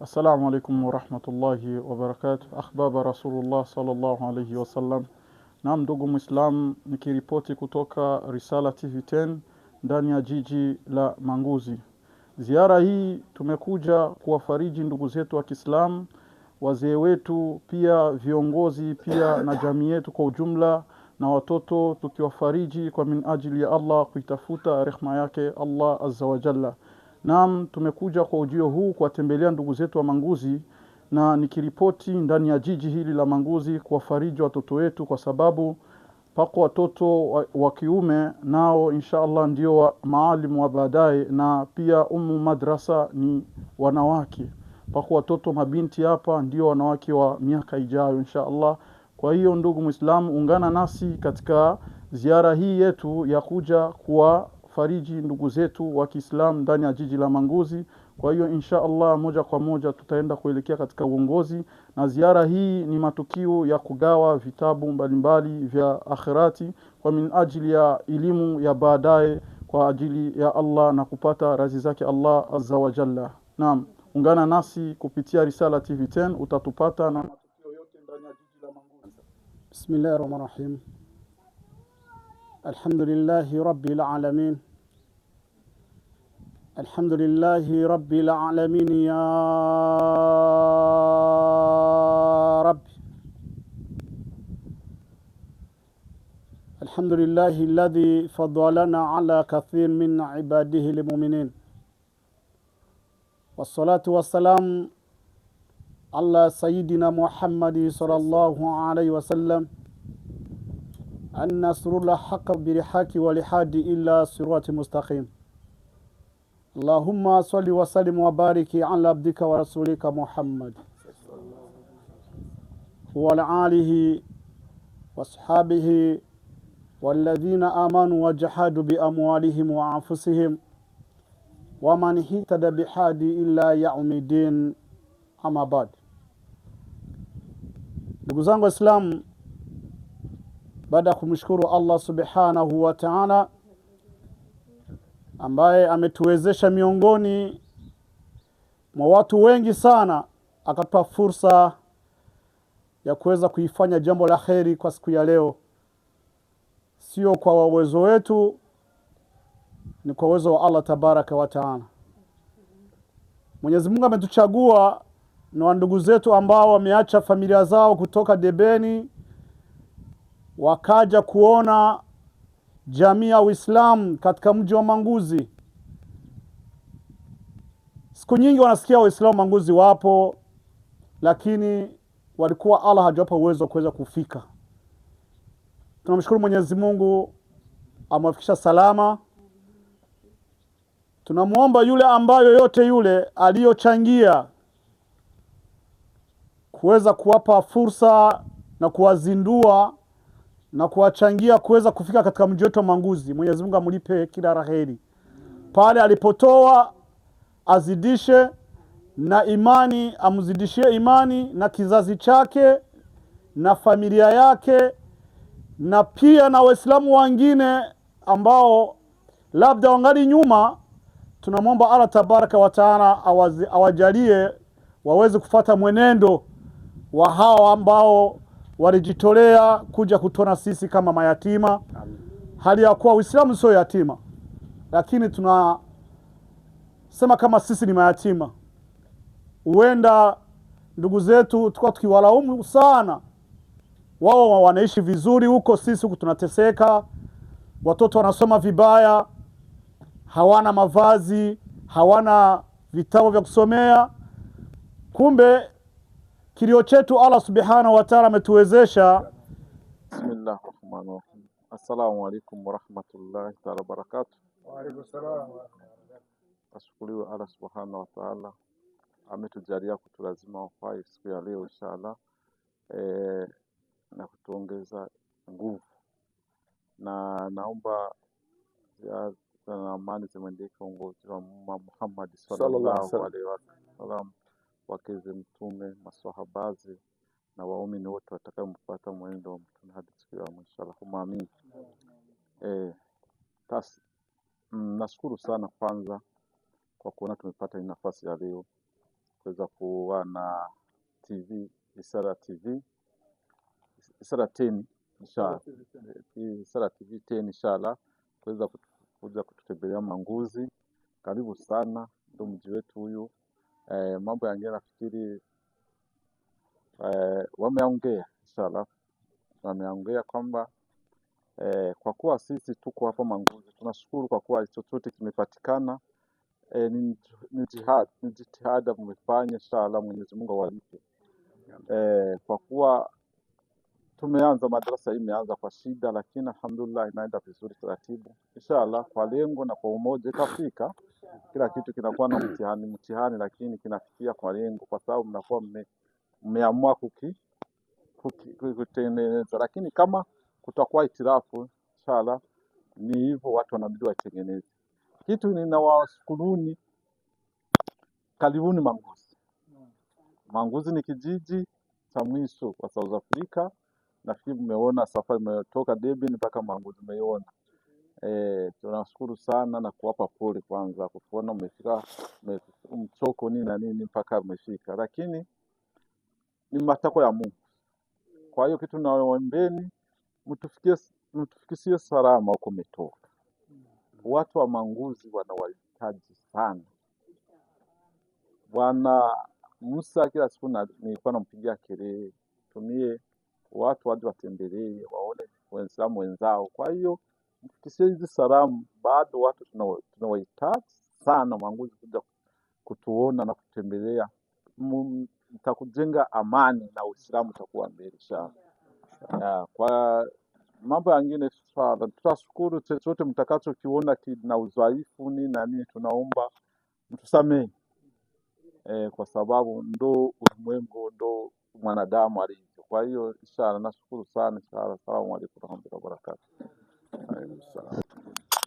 Assalamu alaikum warahmatullahi wabarakatuh. Ahbaba Rasulullah sallallahu alaihi wasallam. Naam, ndugu Muislam, nikiripoti kutoka Risala TV 10 ndani ya jiji la Manguzi. Ziara hii tumekuja kuwafariji ndugu zetu wa Kiislamu, wazee wetu, pia viongozi, pia na jamii yetu kwa ujumla, na watoto, tukiwafariji kwa min ajili ya Allah, kuitafuta rehma yake Allah azza wa jalla. Naam, tumekuja kwa ujio huu kuwatembelea ndugu zetu wa Manguzi na nikiripoti ndani ya jiji hili la Manguzi kuwafariji watoto wetu, kwa sababu pako watoto wa, wa kiume nao insha Allah ndio wa maalimu wa baadaye, na pia umu madrasa ni wanawake. Pako watoto mabinti hapa ndio wanawake wa miaka ijayo insha Allah. Kwa hiyo ndugu Muislamu, ungana nasi katika ziara hii yetu ya kuja kuwa kufariji ndugu zetu wa Kiislamu ndani ya jiji la Manguzi. Kwa hiyo insha Allah, moja kwa moja tutaenda kuelekea katika uongozi, na ziara hii ni matukio ya kugawa vitabu mbalimbali vya akhirati kwa min ajili ya elimu ya baadaye kwa ajili ya Allah na kupata razi zake Allah azza wa jalla. Naam, ungana nasi kupitia Risala TV 10 utatupata na matukio yote ndani ya jiji la Manguzi. Bismillahir Alamin الحمد لله رب العالمين يا رب الحمد لله الذي فضلنا على كثير من عباده المؤمنين والصلاة والسلام على سيدنا محمد صلى الله عليه وسلم أن نصر الحق برحاك ولحاد إلا صراط مستقيم اللهم صل وسلم وبارك على عبدك ورسولك محمد وعلى آله وأصحابه والذين آمنوا وجحدوا بأموالهم وأنفسهم ومن اهتدى بحادي إلا يوم الدين أما بعد Ndugu zangu Waislamu, baada الله سبحانه وتعالى ambaye ametuwezesha miongoni mwa watu wengi sana, akatupa fursa ya kuweza kuifanya jambo la heri kwa siku ya leo, sio kwa uwezo wetu, ni kwa uwezo wa Allah tabaraka wa taala. Mwenyezi Mungu ametuchagua na wandugu zetu ambao wameacha familia zao kutoka debeni wakaja kuona jamii ya Uislamu katika mji wa Manguzi. Siku nyingi wanasikia Waislamu Manguzi wapo, lakini walikuwa Allah hajawapa uwezo wa kuweza kufika. Tunamshukuru Mwenyezi Mungu amewafikisha salama. Tunamwomba yule ambayo yoyote yule aliyochangia kuweza kuwapa fursa na kuwazindua na kuwachangia kuweza kufika katika mji wetu wa Manguzi. Mwenyezi Mungu amlipe kila raheri, pale alipotoa azidishe na imani, amzidishie imani na kizazi chake na familia yake, na pia na Waislamu wengine ambao labda wangali nyuma. Tunamwomba Allah tabaraka wa taala awajalie waweze kufata mwenendo wa hawa ambao walijitolea kuja kutona sisi kama mayatima, hali ya kuwa Uislamu sio yatima, lakini tunasema kama sisi ni mayatima. Huenda ndugu zetu tukawa tukiwalaumu sana, wao wanaishi vizuri huko, sisi huku tunateseka, watoto wanasoma vibaya, hawana mavazi, hawana vitabu vya kusomea, kumbe Kilio chetu Allah subhanahu wa ta'ala ametuwezesha. Bismillah rahmani rahim. Assalamu alaikum warahmatullahi taala wabarakatuh. Wa alaikum salam. Ashukuriwe Allah subhanahu wa ta'ala ametujalia kutulazima uhai siku ya leo inshallah, e, na kutuongeza nguvu, na naomba na amani zimwendee kiongozi wa umma Muhammad sallallahu alaihi wasallam wakeze Mtume, maswahabazi na waumini wote watakaomfuata mwendo wa Mtume hadi siku ya mwisho. Allahumma amin. eh, tas, mm, nashukuru sana kwanza kwa kuona tumepata hii nafasi ya leo kuweza kuwa na TV Isara TV Isara teni inshallah Isara TV teni eh, inshallah kuweza kuja kututembelea Manguzi. Karibu sana, ndo mji wetu huyu Eh, mambo yangine nafikiri eh, wameongea inshallah, wameongea kwamba eh, kwa kuwa sisi tuko hapa Manguzi tunashukuru kwa kuwa chochote kimepatikana. eh, ni jitihada mmefanya, inshallah Mwenyezi Mungu awalipe eh, kwa kuwa Tumeanza madarasa, imeanza kwa shida, lakini alhamdulillah inaenda vizuri taratibu, inshallah kwa lengo na kwa umoja itafika. Kila kitu kinakuwa na mtihani mtihani, lakini kinafikia kwa lengo, kwa sababu mnakuwa mmeamua kuki kutengeneza, lakini kama kutakuwa itirafu, inshallah ni hivyo, watu wanabidi watengeneze kitu. Ninawashukuruni, karibuni Manguzi. Manguzi ni kijiji cha mwisho kwa South Africa Nafikiri mmeona safari imetoka Debi mpaka Mwangu, tumeiona. E, eh, tunashukuru sana na kuwapa pole kwanza kwa kuona mmefika mchoko nini na nini mpaka mmefika, lakini ni matakwa ya Mungu. Kwa hiyo kitu naombeni mtufikie, mtufikishie salama huko umetoka. Watu wa Manguzi wanawahitaji sana. Bwana Musa kila siku na- nilikuwa nampigia kelele, tumie watu waje watembelee, waone waislamu wenzao. Kwa hiyo mtupitie hizi salamu, bado watu tunawahitaji sana mwanguzi kuja kutuona na kutembelea, mtakujenga amani na Uislamu utakuwa mbele sana. Kwa mambo yangine swala, tutashukuru chochote mtakachokiona kina udhaifu ni nani, tunaomba mtusamehe eh, kwa sababu ndo ulimwengu, ndo mwanadamu alivyo. Kwa hiyo nashukuru sana ishara. Asalamu alaykum warahmatullahi wabarakatuh.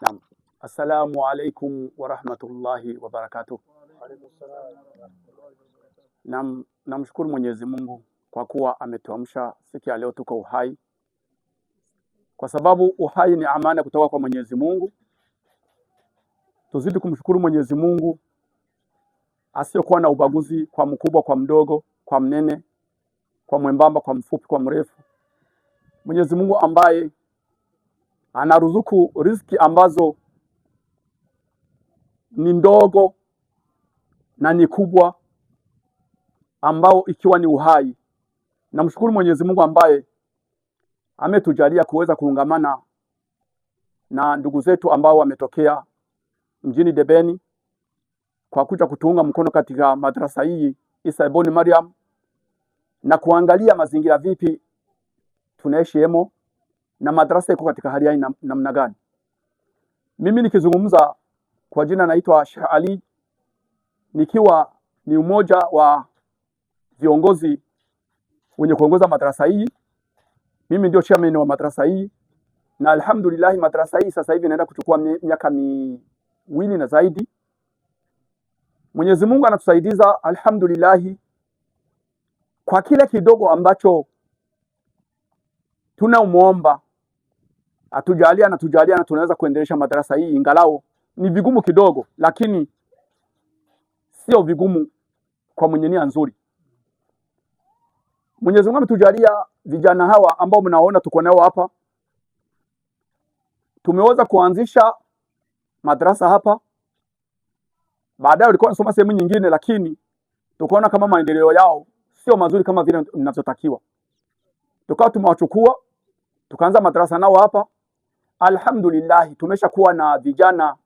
Naam, assalamu alaykum warahmatullahi wabarakatuh. Naam, namshukuru Mwenyezi Mungu kwa kuwa ametuamsha siku ya leo, tuko uhai kwa sababu uhai ni amana kutoka kwa Mwenyezi Mungu. Tuzidi kumshukuru Mwenyezi Mungu asiyokuwa na ubaguzi kwa mkubwa, kwa mdogo, kwa mnene kwa mwembamba, kwa mfupi, kwa mrefu. Mwenyezi Mungu ambaye anaruzuku riziki ambazo ni ndogo na ni kubwa, ambao ikiwa ni uhai. Namshukuru Mwenyezi Mungu ambaye ametujalia kuweza kuungamana na ndugu zetu ambao wametokea mjini Debeni kwa kuja kutuunga mkono katika madrasa hii Isa Ibn Maryam na kuangalia mazingira vipi tunaishi hemo na madrasa iko katika hali ya namna gani. Mimi nikizungumza kwa jina naitwa Sheikh Ali, nikiwa ni mmoja wa viongozi wenye kuongoza madrasa hii. Mimi ndio chairman wa madrasa hii, na alhamdulillah madrasa hii sasa hivi inaenda kuchukua miaka miwili na zaidi. Mwenyezi Mungu anatusaidiza alhamdulillah kwa kile kidogo ambacho tunamwomba atujalia na tujalia na tunaweza kuendelesha madarasa hii, ingalau ni vigumu kidogo, lakini sio vigumu kwa mwenye nia nzuri. Mwenyezi Mungu ametujalia vijana hawa ambao mnaona tuko nao hapa, tumeweza kuanzisha madarasa hapa. Baadaye walikuwa wanasoma sehemu nyingine, lakini tukaona kama maendeleo yao sio mazuri kama vile ninavyotakiwa. Tukawa tumewachukua tukaanza madarasa nao hapa. Alhamdulillah, tumeshakuwa na vijana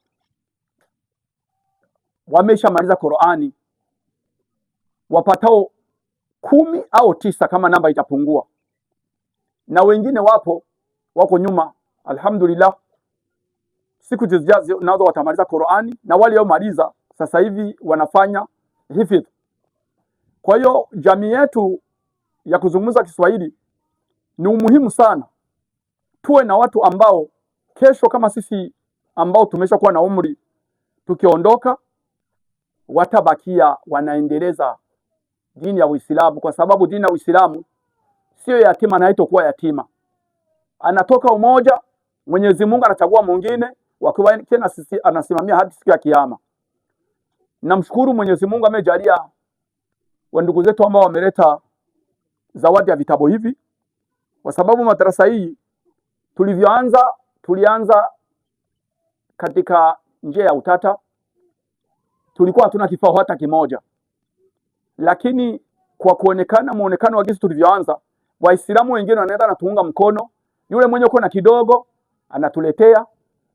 wameshamaliza Qur'ani wapatao kumi au tisa kama namba itapungua, na wengine wapo wako nyuma. Alhamdulillah, siku zijazo nazo watamaliza Qur'ani, na wale waliomaliza sasa hivi wanafanya hifidh. Kwa hiyo jamii yetu ya kuzungumza Kiswahili ni umuhimu sana, tuwe na watu ambao kesho kama sisi ambao tumeshakuwa na umri tukiondoka, watabakia wanaendeleza dini ya Uislamu, kwa sababu dini ya Uislamu siyo yatima na haitokuwa yatima. Anatoka umoja, Mwenyezi Mungu anachagua mwingine, wakiwa tena sisi anasimamia hadi siku ya Kiyama. Namshukuru Mwenyezi Mungu amejalia wa ndugu zetu ambao wameleta zawadi ya vitabu hivi, kwa sababu madarasa hii tulivyoanza, tulianza katika njia ya utata, tulikuwa hatuna kifaa hata kimoja, lakini kwa kuonekana muonekano wa jinsi tulivyoanza, Waislamu wengine wanaenda na tuunga mkono, yule mwenye uko na kidogo anatuletea,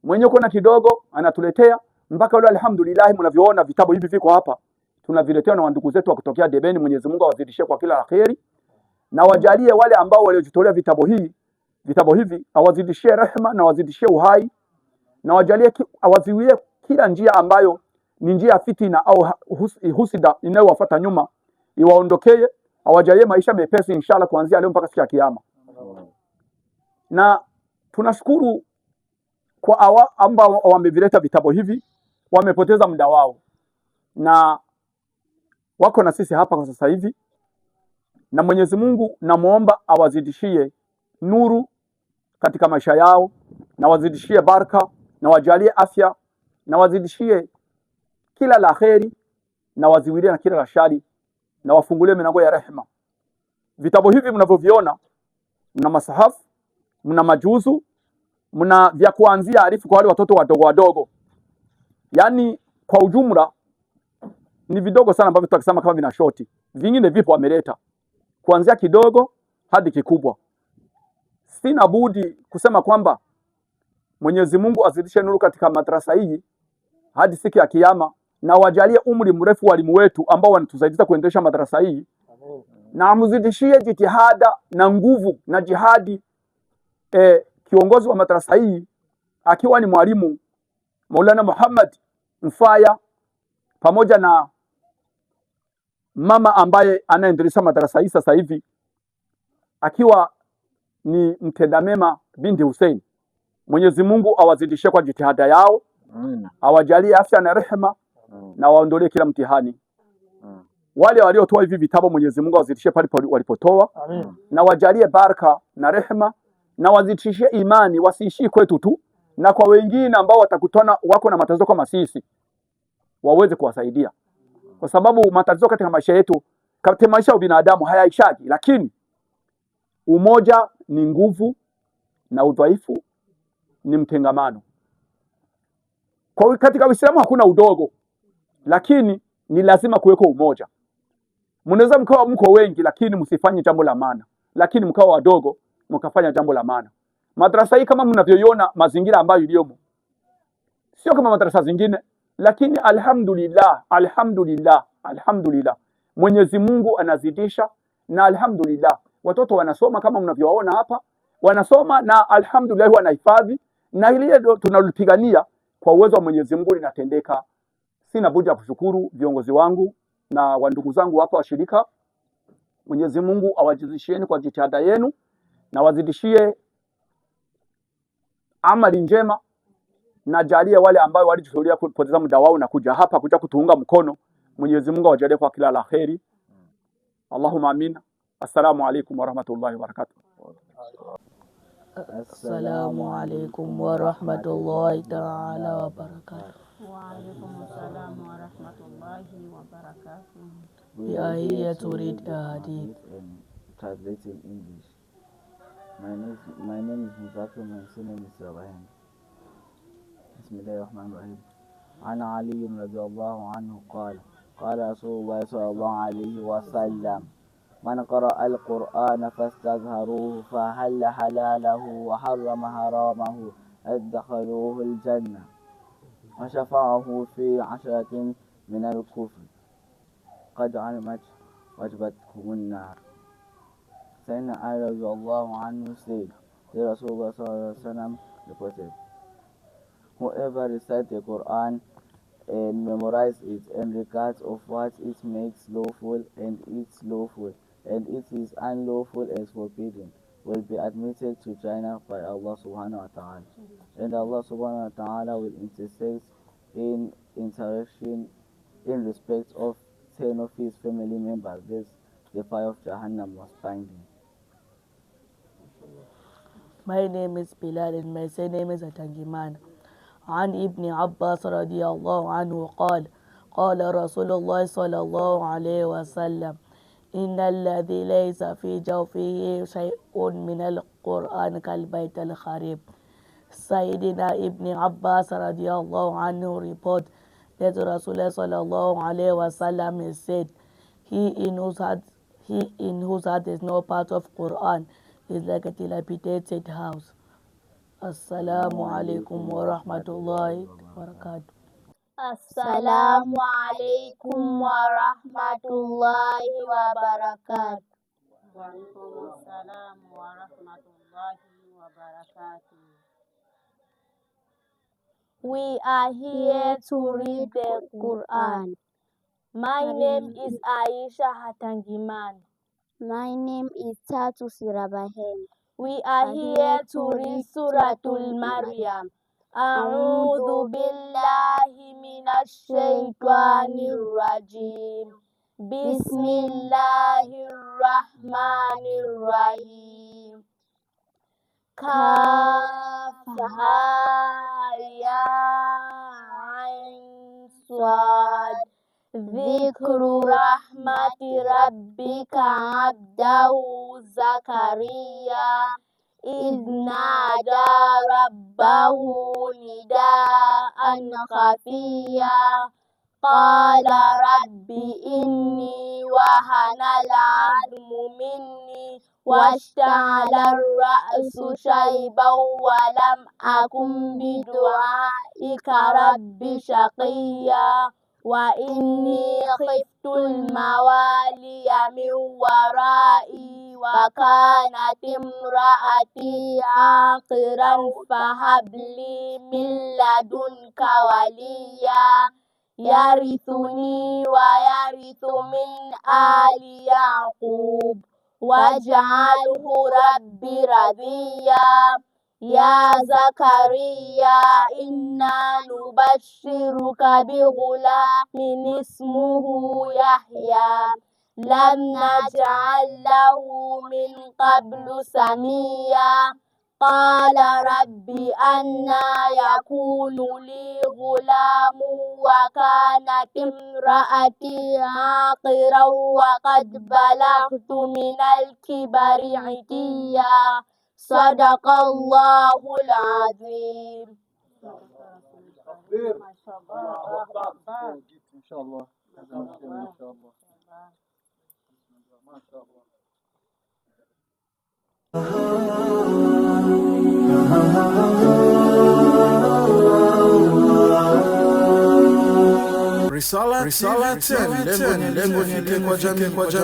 mwenye uko na kidogo anatuletea mpaka leo, alhamdulillah, mnavyoona vitabu hivi viko hapa tunavyoletewa na wandugu zetu wa kutokea Debeni. Mwenyezi Mungu awazidishie kwa kila laheri na wajalie wale ambao waliojitolea vitabu hii vitabu hivi awazidishie rehema na awazidishie uhai na wajalie awaziwie kila njia ambayo ni njia ya fitina au husida inayowafuata nyuma iwaondokee. Awajalie maisha mepesi inshallah, kuanzia leo mpaka siku ya Kiyama. Na tunashukuru kwa awa ambao wamevileta vitabu hivi, wamepoteza muda wao na wako na sisi hapa kwa sasa hivi, na Mwenyezi Mungu namwomba awazidishie nuru katika maisha yao na wazidishie baraka na wajalie afya na wazidishie kila la kheri na waziwilie na kila la shari na wafungulie milango ya rehema. Vitabu hivi mnavyoviona, mna masahafu, mna majuzu, mna vya kuanzia arifu kwa wale watoto wadogo wadogo, yaani kwa ujumla ni vidogo sana ambavyo tunakisema kama vina shoti, vingine vipo ameleta kuanzia kidogo hadi kikubwa. Sina budi kusema kwamba Mwenyezi Mungu azidishe nuru katika madrasa hii hadi siku ya Kiyama, na wajalie umri mrefu walimu wetu ambao wanatusaidia kuendesha madrasa hii, na amzidishie jitihada na nguvu na jihadi. E, kiongozi wa madrasa hii akiwa ni mwalimu Maulana Muhammad Mfaya pamoja na mama ambaye anayeendeleza madarasa hii sasa hivi akiwa ni mtenda mema binti Hussein. Mwenyezi Mungu awazidishie kwa jitihada yao, awajalie afya na rehema na waondolee kila mtihani. Wale waliotoa hivi vitabu Mwenyezi Mungu awazidishie pale walipotoa, na wajalie baraka na rehema na wazidishie imani, wasiishii kwetu tu, na kwa wengine ambao watakutana wako na matatizo kama sisi waweze kuwasaidia kwa sababu matatizo katika maisha yetu, katika maisha ya binadamu hayaishaki, lakini umoja ni nguvu na udhaifu ni mtengamano. Kwa katika Uislamu hakuna udogo, lakini ni lazima kuweko umoja. Mnaweza mkawa mko wengi, lakini msifanye jambo la maana, lakini mkawa wadogo mkafanya jambo la maana. Madrasa hii kama mnavyoiona mazingira ambayo iliyomo, sio kama madrasa zingine. Lakini alhamdulillah, alhamdulillah, alhamdulillah, Mwenyezi Mungu anazidisha na alhamdulillah, watoto wanasoma kama mnavyowaona hapa, wanasoma na alhamdulillah, wanahifadhi na ile tunalipigania kwa uwezo wa Mwenyezi Mungu linatendeka. Sina budi ya kushukuru viongozi wangu na wandugu zangu hapa washirika. Mwenyezi Mungu awajizishieni kwa jitihada yenu na wazidishie amali njema najalie wale ambao walijitolea kupoteza muda wao na kuja hapa kuja kutuunga mkono, Mwenyezi Mungu awajalie kwa kila laheri. Allahumma amin. Assalamu alaykum wa rahmatullahi wa barakatuh. Assalamu alaykum wa rahmatullahi ta'ala wa barakatuh. Wa alaykum assalam wa rahmatullahi wa barakatuh. Ya are here to hadith translated English. My name, my name is Muzafir, my surname is بسم الله الرحمن الرحيم عن علي رضي الله عنه قال قال رسول الله صلى الله عليه وسلم من قرأ القرآن فاستظهروه فهل حلاله وحرم حرامه ادخلوه الجنة وشفعه في عشرة من الكفر قد علمت وجبتكم النار سيدنا علي رضي الله عنه لرسول الله صلى الله عليه وسلم reported, Whoever recites the Quran and memorizes it and regards of what it makes lawful and its lawful and it is unlawful as forbidden will be admitted to China by Allah subhanahu wa ta'ala. And Allah subhanahu wa ta'ala will intersect in interaction in respect of ten of his family members. This the fire of Jahannam was binding. My name is Bilal and my surname is Atangimana. عن ابن عباس رضي الله عنه قال قال رسول الله صلى الله عليه وسلم إن الذي ليس في جوفه شيء من القرآن كالبيت الخريب سيدنا ابن عباس رضي الله عنه ريبوت that رسول الله صلى الله عليه وسلم said he in whose heart is no part of Quran is like a dilapidated house wa rahmatullahi wa barakatuh. Assalamu alaykum wa rahmatullahi wa barakatuh. We are here to read the Quran. My name is Aisha Hatangiman. My name is Tatu Sirabahen. We are here to read Suratul Maryam. أعوذ بالله من الشيطان الرجيم بسم الله الرحمن الرحيم كافها يا عين صاد ذكر رحمة ربك عبده زكريا إذ نادى ربه نداء خفيا قال رب إني وهن العظم مني واشتعل الرأس شيبا ولم أكن بدعائك رب شقيا وإني خفت الموالي من ورائي وكانت امرأتي عاقرا فهب لي من لدنك وليا يرثني ويرث من آل يعقوب واجعله ربي رضيا يا زكريا إنا نبشرك بغلام اسمه يحيى لم نجعل له من قبل سميا قال رب أنا يكون لي غلام وكانت امرأتي عاقرا وقد بلغت من الكبر عتيا Sadakallahul azim. Bir. Maşallah. Git Risala, Risala, lengo ni lengo ni kwa jamii kwa